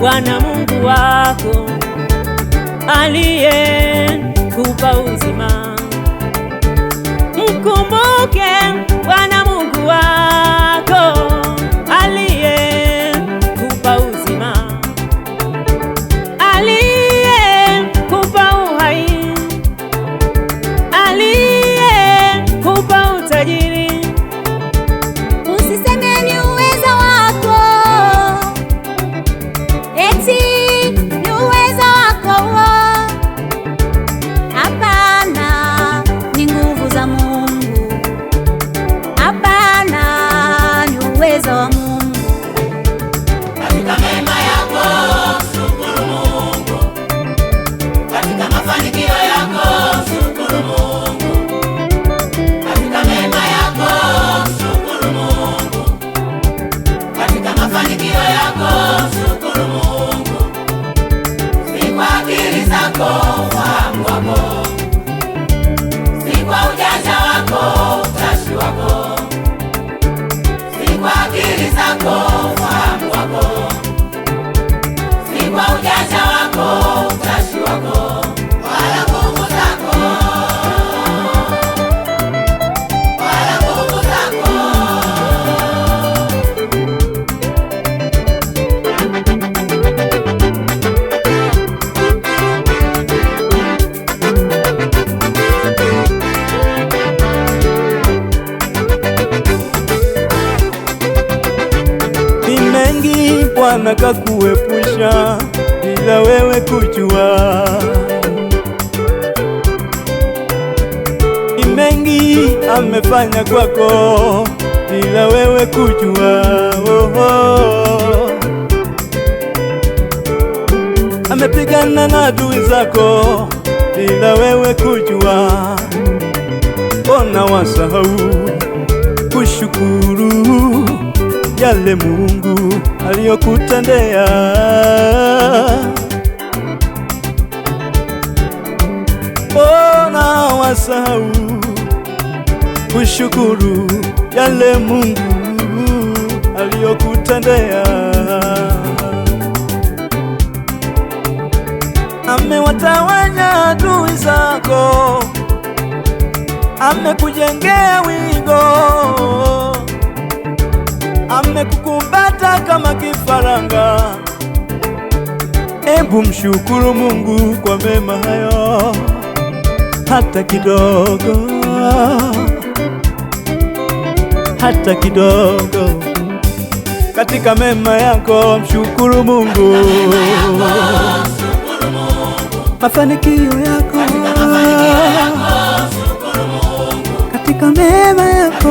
Bwana Mungu wako aliyekupa uzima, mkumbuke. ¡Gracias! Bwana kakuepusha bila wewe kujua. Ni mengi amefanya kwako bila wewe kujua. Amepigana na adui zako bila wewe kujua. Ona wasahau kushukuru yale Mungu aliyokutendea mbona wasahau kushukuru yale Mungu aliyokutendea. Amewatawanya adui zako, amekujengea wigo kama kifaranga. Ebu mshukuru Mungu kwa mema hayo hata kidogo, hata kidogo. Katika mema yako mshukuru Mungu, mafanikio yako katika mema yako